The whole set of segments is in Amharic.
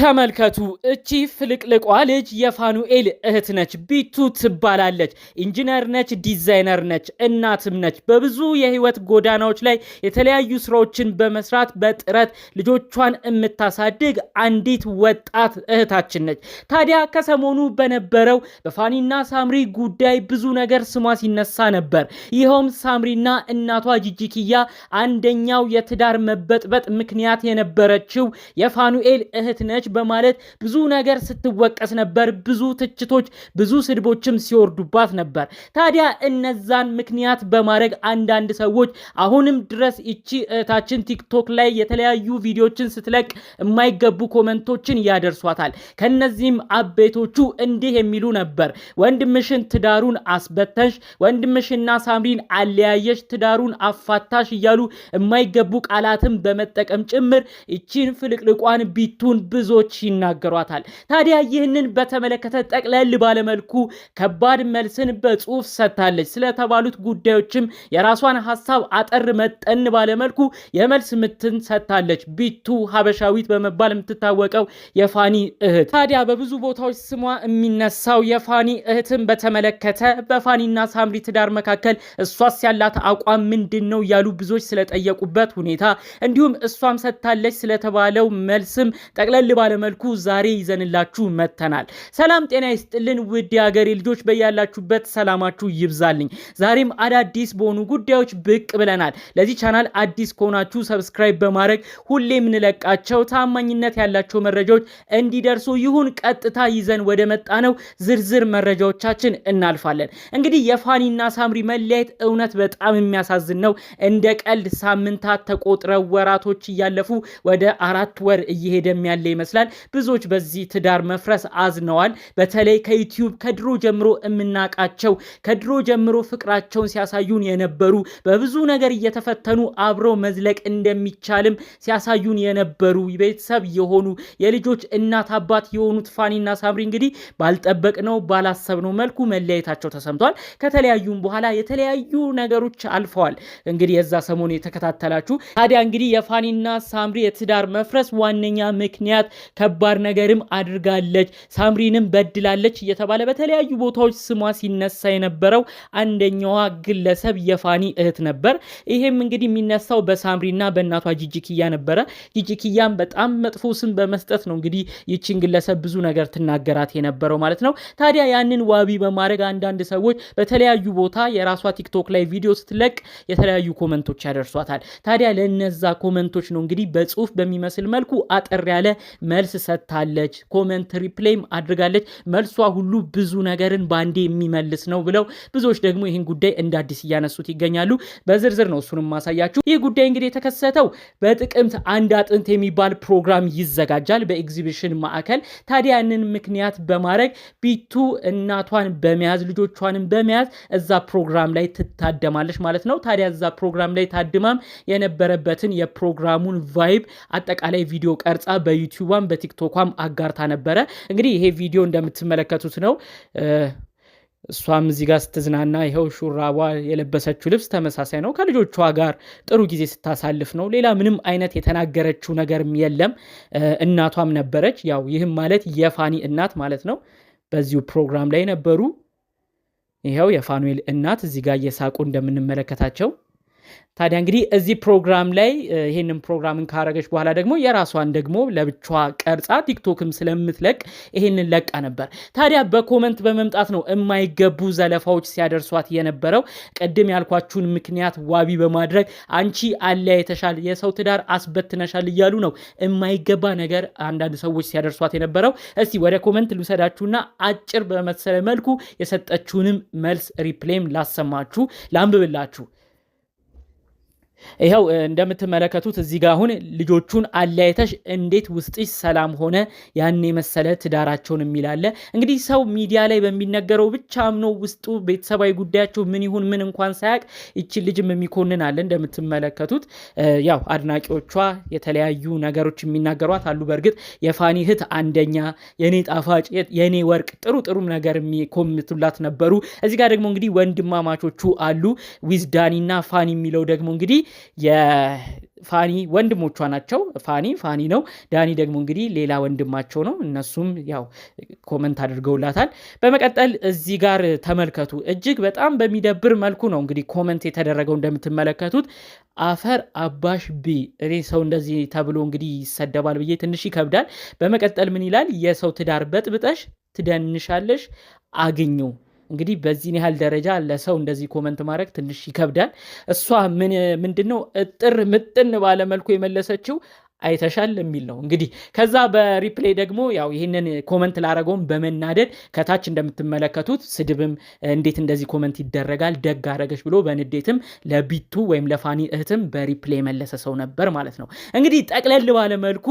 ተመልከቱ እቺ ፍልቅልቋ ልጅ የፋኑኤል እህት ነች። ቢቱ ትባላለች። ኢንጂነር ነች፣ ዲዛይነር ነች፣ እናትም ነች። በብዙ የህይወት ጎዳናዎች ላይ የተለያዩ ስራዎችን በመስራት በጥረት ልጆቿን የምታሳድግ አንዲት ወጣት እህታችን ነች። ታዲያ ከሰሞኑ በነበረው በፋኒና ሳምሪ ጉዳይ ብዙ ነገር ስሟ ሲነሳ ነበር። ይኸውም ሳምሪና እናቷ ጂጂኪያ አንደኛው የትዳር መበጥበጥ ምክንያት የነበረችው የፋኑኤል እህት ነች በማለት ብዙ ነገር ስትወቀስ ነበር። ብዙ ትችቶች፣ ብዙ ስድቦችም ሲወርዱባት ነበር። ታዲያ እነዛን ምክንያት በማድረግ አንዳንድ ሰዎች አሁንም ድረስ ይቺ እህታችን ቲክቶክ ላይ የተለያዩ ቪዲዮችን ስትለቅ የማይገቡ ኮመንቶችን ያደርሷታል። ከነዚህም አቤቶቹ እንዲህ የሚሉ ነበር። ወንድምሽን ትዳሩን አስበተሽ፣ ወንድምሽና ሳምሪን አለያየሽ፣ ትዳሩን አፋታሽ እያሉ የማይገቡ ቃላትን በመጠቀም ጭምር ይቺን ፍልቅልቋን ቢቱን ብዙ ብዙዎች ይናገሯታል። ታዲያ ይህንን በተመለከተ ጠቅለል ባለመልኩ ከባድ መልስን በጽሁፍ ሰጥታለች። ስለተባሉት ጉዳዮችም የራሷን ሀሳብ አጠር መጠን ባለመልኩ የመልስ ምትን ሰጥታለች። ቢቱ ሀበሻዊት በመባል የምትታወቀው የፋኒ እህት ታዲያ በብዙ ቦታዎች ስሟ የሚነሳው የፋኒ እህትን በተመለከተ በፋኒና ሳምሪ ትዳር መካከል እሷስ ያላት አቋም ምንድን ነው ያሉ ብዙዎች ስለጠየቁበት ሁኔታ እንዲሁም እሷም ሰጥታለች ስለተባለው መልስም ጠቅለል ባለ ባለ መልኩ ዛሬ ይዘንላችሁ መጥተናል። ሰላም ጤና ይስጥልን ውድ የሀገሬ ልጆች፣ በያላችሁበት ሰላማችሁ ይብዛልኝ። ዛሬም አዳዲስ በሆኑ ጉዳዮች ብቅ ብለናል። ለዚህ ቻናል አዲስ ከሆናችሁ ሰብስክራይብ በማድረግ ሁሌ የምንለቃቸው ታማኝነት ያላቸው መረጃዎች እንዲደርሱ ይሁን። ቀጥታ ይዘን ወደ መጣ ነው ዝርዝር መረጃዎቻችን እናልፋለን። እንግዲህ የፋኒና ሳምሪ መለያየት እውነት በጣም የሚያሳዝን ነው። እንደ ቀልድ ሳምንታት ተቆጥረው ወራቶች እያለፉ ወደ አራት ወር እየሄደም ያለ ይመስላል። ይመስላል። ብዙዎች በዚህ ትዳር መፍረስ አዝነዋል። በተለይ ከዩቲዩብ ከድሮ ጀምሮ የምናቃቸው ከድሮ ጀምሮ ፍቅራቸውን ሲያሳዩን የነበሩ በብዙ ነገር እየተፈተኑ አብረው መዝለቅ እንደሚቻልም ሲያሳዩን የነበሩ ቤተሰብ የሆኑ የልጆች እናት አባት የሆኑት ፋኒና ሳምሪ እንግዲህ ባልጠበቅነው ባላሰብነው መልኩ መለያየታቸው ተሰምቷል። ከተለያዩም በኋላ የተለያዩ ነገሮች አልፈዋል። እንግዲህ የዛ ሰሞን የተከታተላችሁ ታዲያ እንግዲህ የፋኒና ሳምሪ የትዳር መፍረስ ዋነኛ ምክንያት ከባድ ነገርም አድርጋለች፣ ሳምሪንም በድላለች እየተባለ በተለያዩ ቦታዎች ስሟ ሲነሳ የነበረው አንደኛዋ ግለሰብ የፋኒ እህት ነበር። ይሄም እንግዲህ የሚነሳው በሳምሪና በእናቷ ጂጂክያ ነበረ። ጂጂክያም በጣም መጥፎ ስም በመስጠት ነው እንግዲህ ይችን ግለሰብ ብዙ ነገር ትናገራት የነበረው ማለት ነው። ታዲያ ያንን ዋቢ በማድረግ አንዳንድ ሰዎች በተለያዩ ቦታ የራሷ ቲክቶክ ላይ ቪዲዮ ስትለቅ የተለያዩ ኮመንቶች ያደርሷታል። ታዲያ ለነዛ ኮመንቶች ነው እንግዲህ በጽሁፍ በሚመስል መልኩ አጠር ያለ መልስ ሰጥታለች፣ ኮመንት ሪፕሌይም አድርጋለች። መልሷ ሁሉ ብዙ ነገርን በአንዴ የሚመልስ ነው ብለው ብዙዎች ደግሞ ይህን ጉዳይ እንደ አዲስ እያነሱት ይገኛሉ። በዝርዝር ነው እሱንም ማሳያችሁ። ይህ ጉዳይ እንግዲህ የተከሰተው በጥቅምት አንድ አጥንት የሚባል ፕሮግራም ይዘጋጃል በኤግዚቢሽን ማዕከል። ታዲያ ያንን ምክንያት በማድረግ ቢቱ እናቷን በመያዝ ልጆቿንም በመያዝ እዛ ፕሮግራም ላይ ትታደማለች ማለት ነው። ታዲያ እዛ ፕሮግራም ላይ ታድማም የነበረበትን የፕሮግራሙን ቫይብ አጠቃላይ ቪዲዮ ቀርጻ በዩቲዩብ በፌስቡኳም በቲክቶኳም አጋርታ ነበረ። እንግዲህ ይሄ ቪዲዮ እንደምትመለከቱት ነው። እሷም እዚህ ጋር ስትዝናና ይኸው ሹራቧ የለበሰችው ልብስ ተመሳሳይ ነው። ከልጆቿ ጋር ጥሩ ጊዜ ስታሳልፍ ነው። ሌላ ምንም አይነት የተናገረችው ነገርም የለም። እናቷም ነበረች። ያው ይህም ማለት የፋኒ እናት ማለት ነው። በዚሁ ፕሮግራም ላይ ነበሩ። ይኸው የፋኑኤል እናት እዚህ ጋር እየሳቁ እንደምንመለከታቸው ታዲያ እንግዲህ እዚህ ፕሮግራም ላይ ይህንን ፕሮግራምን ካረገች በኋላ ደግሞ የራሷን ደግሞ ለብቻዋ ቀርጻ ቲክቶክም ስለምትለቅ ይህንን ለቃ ነበር። ታዲያ በኮመንት በመምጣት ነው የማይገቡ ዘለፋዎች ሲያደርሷት የነበረው። ቅድም ያልኳችሁን ምክንያት ዋቢ በማድረግ አንቺ አለያይተሻል፣ የሰው ትዳር አስበትነሻል እያሉ ነው የማይገባ ነገር አንዳንድ ሰዎች ሲያደርሷት የነበረው። እስቲ ወደ ኮመንት ልውሰዳችሁና አጭር በመሰለ መልኩ የሰጠችውንም መልስ ሪፕሌም ላሰማችሁ ላንብብላችሁ። ይኸው እንደምትመለከቱት እዚህ ጋር አሁን ልጆቹን አለያይተሽ እንዴት ውስጥሽ ሰላም ሆነ ያን የመሰለ ትዳራቸውን የሚላለ እንግዲህ ሰው ሚዲያ ላይ በሚነገረው ብቻ አምኖ ውስጡ ቤተሰባዊ ጉዳያቸው ምን ይሁን ምን እንኳን ሳያቅ ይችን ልጅም የሚኮንን አለ። እንደምትመለከቱት ያው አድናቂዎቿ የተለያዩ ነገሮች የሚናገሯት አሉ። በእርግጥ የፋኒ እህት አንደኛ፣ የኔ ጣፋጭ፣ የኔ ወርቅ ጥሩ ጥሩ ነገር የሚኮምቱላት ነበሩ። እዚህ ጋር ደግሞ እንግዲህ ወንድማማቾቹ አሉ ዊዝዳኒና ፋኒ የሚለው ደግሞ እንግዲህ የፋኒ ወንድሞቿ ናቸው። ፋኒ ፋኒ ነው። ዳኒ ደግሞ እንግዲህ ሌላ ወንድማቸው ነው። እነሱም ያው ኮመንት አድርገውላታል። በመቀጠል እዚህ ጋር ተመልከቱ። እጅግ በጣም በሚደብር መልኩ ነው እንግዲህ ኮመንት የተደረገው እንደምትመለከቱት አፈር አባሽ ቢ እኔ ሰው እንደዚህ ተብሎ እንግዲህ ይሰደባል ብዬ ትንሽ ይከብዳል። በመቀጠል ምን ይላል? የሰው ትዳር በጥብጠሽ ትደንሻለሽ አገኘው?። እንግዲህ በዚህን ያህል ደረጃ ለሰው እንደዚህ ኮመንት ማድረግ ትንሽ ይከብዳል። እሷ ምንድን ነው እጥር ምጥን ባለመልኩ የመለሰችው አይተሻል የሚል ነው እንግዲህ። ከዛ በሪፕሌይ ደግሞ ያው ይህንን ኮመንት ላረገውም በመናደድ ከታች እንደምትመለከቱት ስድብም እንዴት እንደዚህ ኮመንት ይደረጋል ደግ አረገች ብሎ በንዴትም ለቢቱ ወይም ለፋኒ እህትም በሪፕሌይ መለሰ ሰው ነበር ማለት ነው። እንግዲህ ጠቅለል ባለመልኩ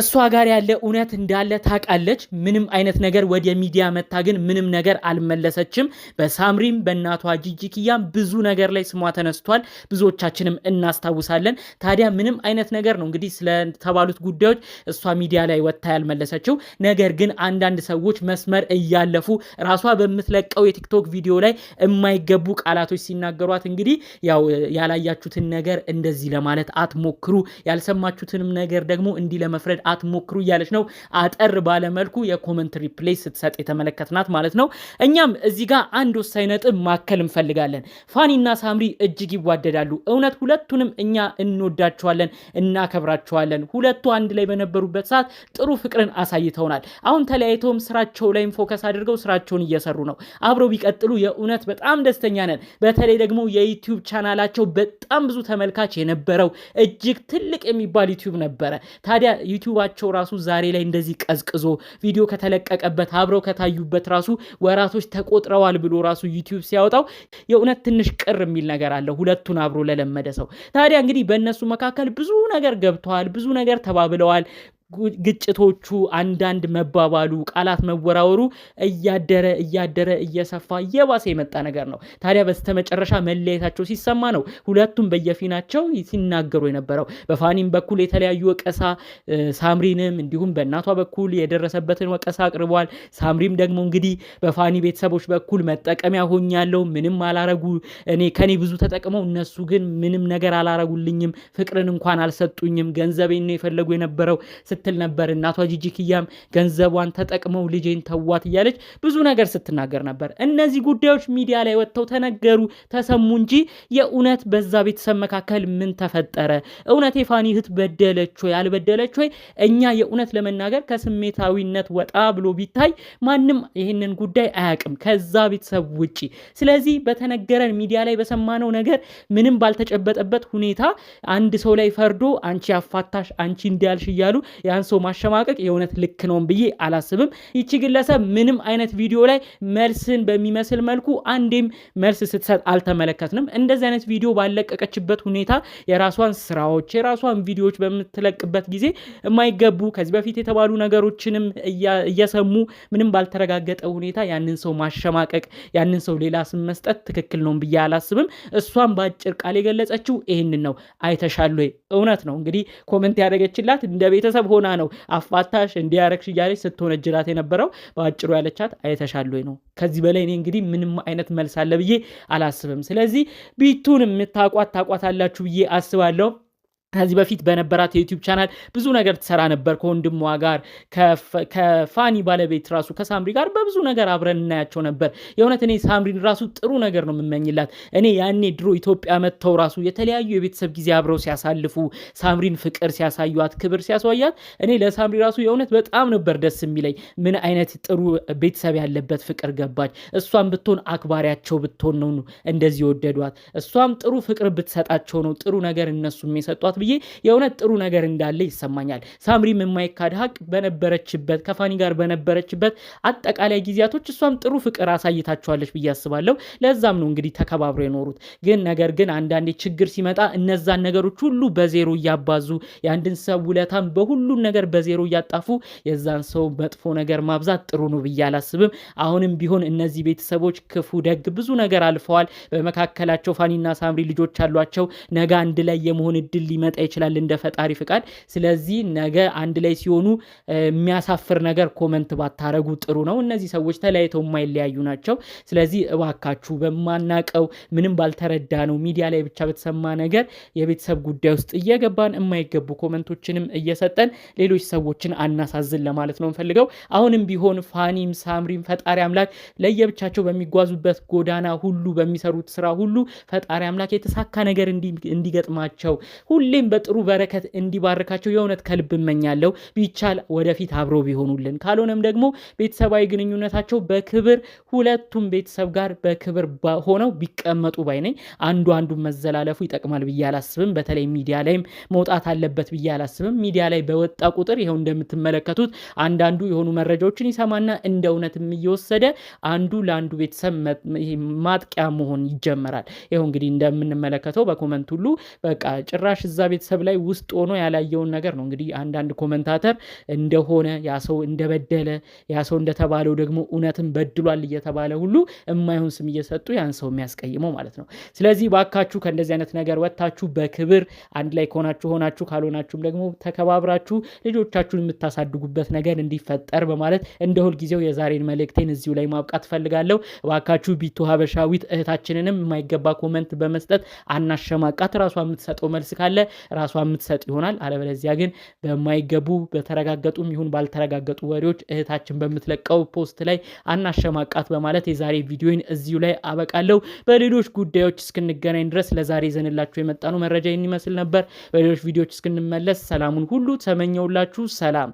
እሷ ጋር ያለ እውነት እንዳለ ታውቃለች። ምንም አይነት ነገር ወደ ሚዲያ መታ ግን ምንም ነገር አልመለሰችም። በሳምሪም በእናቷ ጂጂክያም ብዙ ነገር ላይ ስሟ ተነስቷል። ብዙዎቻችንም እናስታውሳለን። ታዲያ ምንም አይነት ነገር ነው እንግዲህ ስለተባሉት ጉዳዮች እሷ ሚዲያ ላይ ወጥታ ያልመለሰችው። ነገር ግን አንዳንድ ሰዎች መስመር እያለፉ ራሷ በምትለቀው የቲክቶክ ቪዲዮ ላይ የማይገቡ ቃላቶች ሲናገሯት እንግዲህ ያው ያላያችሁትን ነገር እንደዚህ ለማለት አትሞክሩ፣ ያልሰማችሁትንም ነገር ደግሞ እንዲህ ለመፍረድ አትሞክሩ እያለች ነው አጠር ባለመልኩ የኮመንትሪ ፕሌይ ስትሰጥ የተመለከትናት ማለት ነው። እኛም እዚህ ጋር አንድ ወሳኝ ነጥብ ማከል እንፈልጋለን። ፋኒና ሳምሪ እጅግ ይዋደዳሉ። እውነት ሁለቱንም እኛ እንወዳቸዋለን፣ እናከብራቸዋለን። ሁለቱ አንድ ላይ በነበሩበት ሰዓት ጥሩ ፍቅርን አሳይተውናል። አሁን ተለያይተውም ስራቸው ላይም ፎከስ አድርገው ስራቸውን እየሰሩ ነው። አብረው ቢቀጥሉ የእውነት በጣም ደስተኛ ነን። በተለይ ደግሞ የዩቲዩብ ቻናላቸው በጣም ብዙ ተመልካች የነበረው እጅግ ትልቅ የሚባል ዩቲዩብ ነበረ። ታዲያ ዩቲዩብ ዩቲዩባቸው ራሱ ዛሬ ላይ እንደዚህ ቀዝቅዞ ቪዲዮ ከተለቀቀበት አብረው ከታዩበት ራሱ ወራቶች ተቆጥረዋል ብሎ ራሱ ዩቲዩብ ሲያወጣው የእውነት ትንሽ ቅር የሚል ነገር አለ። ሁለቱን አብሮ ለለመደ ሰው ታዲያ እንግዲህ በእነሱ መካከል ብዙ ነገር ገብተዋል፣ ብዙ ነገር ተባብለዋል፣ ግጭቶቹ አንዳንድ መባባሉ ቃላት መወራወሩ እያደረ እያደረ እየሰፋ እየባሰ የመጣ ነገር ነው። ታዲያ በስተመጨረሻ መለያየታቸው ሲሰማ ነው ሁለቱም በየፊናቸው ሲናገሩ የነበረው። በፋኒም በኩል የተለያዩ ወቀሳ ሳምሪንም እንዲሁም በእናቷ በኩል የደረሰበትን ወቀሳ አቅርቧል። ሳምሪም ደግሞ እንግዲህ በፋኒ ቤተሰቦች በኩል መጠቀሚያ ሆኛለሁ፣ ምንም አላረጉ እኔ ከኔ ብዙ ተጠቅመው እነሱ ግን ምንም ነገር አላረጉልኝም፣ ፍቅርን እንኳን አልሰጡኝም፣ ገንዘቤን ነው የፈለጉ የነበረው ስትል ነበር። እናቷ ጂጂክያም ገንዘቧን ተጠቅመው ልጄን ተዋት እያለች ብዙ ነገር ስትናገር ነበር። እነዚህ ጉዳዮች ሚዲያ ላይ ወጥተው ተነገሩ፣ ተሰሙ እንጂ የእውነት በዛ ቤተሰብ መካከል ምን ተፈጠረ? እውነት የፋኒ እህት በደለች ወይ አልበደለች ወይ? እኛ የእውነት ለመናገር ከስሜታዊነት ወጣ ብሎ ቢታይ ማንም ይህንን ጉዳይ አያውቅም ከዛ ቤተሰብ ውጪ። ስለዚህ በተነገረን ሚዲያ ላይ በሰማነው ነገር ምንም ባልተጨበጠበት ሁኔታ አንድ ሰው ላይ ፈርዶ አንቺ አፋታሽ፣ አንቺ እንዲያልሽ እያሉ ያን ሰው ማሸማቀቅ የእውነት ልክ ነውን ብዬ አላስብም። ይቺ ግለሰብ ምንም አይነት ቪዲዮ ላይ መልስን በሚመስል መልኩ አንዴም መልስ ስትሰጥ አልተመለከትንም። እንደዚህ አይነት ቪዲዮ ባለቀቀችበት ሁኔታ የራሷን ስራዎች የራሷን ቪዲዮዎች በምትለቅበት ጊዜ የማይገቡ ከዚህ በፊት የተባሉ ነገሮችንም እየሰሙ ምንም ባልተረጋገጠ ሁኔታ ያንን ሰው ማሸማቀቅ ያንን ሰው ሌላ ስም መስጠት ትክክል ነው ብዬ አላስብም። እሷም በአጭር ቃል የገለጸችው ይህንን ነው። አይተሻሉ እውነት ነው እንግዲህ ኮመንት ያደረገችላት እንደ ቤተሰብ ሆነ ሆና ነው አፋታሽ እንዲያረግሽ እያለች ስትወነጅላት የነበረው በአጭሩ ያለቻት አይተሻሉ ነው። ከዚህ በላይ እኔ እንግዲህ ምንም አይነት መልስ አለ ብዬ አላስብም። ስለዚህ ቢቱን የምታቋት ታቋታላችሁ ብዬ አስባለሁ። ከዚህ በፊት በነበራት የዩቲዩብ ቻናል ብዙ ነገር ትሰራ ነበር። ከወንድሟ ጋር ከፋኒ ባለቤት ራሱ ከሳምሪ ጋር በብዙ ነገር አብረን እናያቸው ነበር። የእውነት እኔ ሳምሪን ራሱ ጥሩ ነገር ነው የምመኝላት። እኔ ያኔ ድሮ ኢትዮጵያ መጥተው ራሱ የተለያዩ የቤተሰብ ጊዜ አብረው ሲያሳልፉ፣ ሳምሪን ፍቅር ሲያሳዩት፣ ክብር ሲያሳያት እኔ ለሳምሪ ራሱ የእውነት በጣም ነበር ደስ የሚለኝ። ምን አይነት ጥሩ ቤተሰብ ያለበት ፍቅር ገባች። እሷም ብትሆን አክባሪያቸው ብትሆን ነው እንደዚህ የወደዷት። እሷም ጥሩ ፍቅር ብትሰጣቸው ነው ጥሩ ነገር እነሱ የሚሰጧት ብዬ የእውነት ጥሩ ነገር እንዳለ ይሰማኛል። ሳምሪም የማይካድ ሀቅ በነበረችበት ከፋኒ ጋር በነበረችበት አጠቃላይ ጊዜያቶች እሷም ጥሩ ፍቅር አሳይታችኋለች ብዬ አስባለሁ። ለዛም ነው እንግዲህ ተከባብረው የኖሩት። ግን ነገር ግን አንዳንዴ ችግር ሲመጣ እነዛን ነገሮች ሁሉ በዜሮ እያባዙ የአንድን ሰው ውለታም በሁሉም ነገር በዜሮ እያጣፉ የዛን ሰው መጥፎ ነገር ማብዛት ጥሩ ነው ብዬ አላስብም። አሁንም ቢሆን እነዚህ ቤተሰቦች ክፉ ደግ ብዙ ነገር አልፈዋል። በመካከላቸው ፋኒና ሳምሪ ልጆች አሏቸው። ነገ አንድ ላይ የመሆን እድል ሊመጣ ሊመጣ ይችላል እንደ ፈጣሪ ፍቃድ። ስለዚህ ነገ አንድ ላይ ሲሆኑ የሚያሳፍር ነገር ኮመንት ባታረጉ ጥሩ ነው። እነዚህ ሰዎች ተለያይተው የማይለያዩ ናቸው። ስለዚህ እባካችሁ በማናቀው ምንም ባልተረዳ ነው ሚዲያ ላይ ብቻ በተሰማ ነገር የቤተሰብ ጉዳይ ውስጥ እየገባን የማይገቡ ኮመንቶችንም እየሰጠን ሌሎች ሰዎችን አናሳዝን ለማለት ነው እንፈልገው። አሁንም ቢሆን ፋኒም ሳምሪም ፈጣሪ አምላክ ለየብቻቸው በሚጓዙበት ጎዳና ሁሉ በሚሰሩት ስራ ሁሉ ፈጣሪ አምላክ የተሳካ ነገር እንዲገጥማቸው ሁሌ ሁሌም በጥሩ በረከት እንዲባርካቸው የእውነት ከልብ እመኛለሁ። ቢቻል ወደፊት አብሮ ቢሆኑልን፣ ካልሆነም ደግሞ ቤተሰባዊ ግንኙነታቸው በክብር ሁለቱም ቤተሰብ ጋር በክብር ሆነው ቢቀመጡ ባይ ነኝ። አንዱ አንዱ መዘላለፉ ይጠቅማል ብዬ አላስብም። በተለይ ሚዲያ ላይም መውጣት አለበት ብዬ አላስብም። ሚዲያ ላይ በወጣ ቁጥር ይኸው እንደምትመለከቱት አንዳንዱ የሆኑ መረጃዎችን ይሰማና እንደ እውነትም እየወሰደ አንዱ ለአንዱ ቤተሰብ ማጥቂያ መሆን ይጀመራል። ይኸው እንግዲህ እንደምንመለከተው በኮመንት ሁሉ በቃ ጭራሽ እዛ ቤተሰብ ላይ ውስጥ ሆኖ ያላየውን ነገር ነው። እንግዲህ አንዳንድ ኮመንታተር እንደሆነ ያ ሰው እንደበደለ ያ ሰው እንደተባለው ደግሞ እውነትን በድሏል እየተባለ ሁሉ የማይሆን ስም እየሰጡ ያን ሰው የሚያስቀይመው ማለት ነው። ስለዚህ ባካችሁ ከእንደዚህ አይነት ነገር ወጥታችሁ በክብር አንድ ላይ ከሆናችሁ ሆናችሁ፣ ካልሆናችሁም ደግሞ ተከባብራችሁ ልጆቻችሁን የምታሳድጉበት ነገር እንዲፈጠር በማለት እንደ ሁልጊዜው የዛሬን መልእክቴን እዚሁ ላይ ማብቃት ፈልጋለሁ። ባካችሁ ቢቱ ሀበሻዊት እህታችንንም የማይገባ ኮመንት በመስጠት አናሸማቃት። ራሷ የምትሰጠው መልስ ካለ ራሷ የምትሰጥ ይሆናል። አለበለዚያ ግን በማይገቡ በተረጋገጡም ይሁን ባልተረጋገጡ ወሬዎች እህታችን በምትለቀው ፖስት ላይ አናሸማቃት በማለት የዛሬ ቪዲዮን እዚሁ ላይ አበቃለሁ። በሌሎች ጉዳዮች እስክንገናኝ ድረስ ለዛሬ ይዘንላችሁ የመጣነው መረጃ ይህን ይመስል ነበር። በሌሎች ቪዲዮዎች እስክንመለስ ሰላሙን ሁሉ ተመኘውላችሁ። ሰላም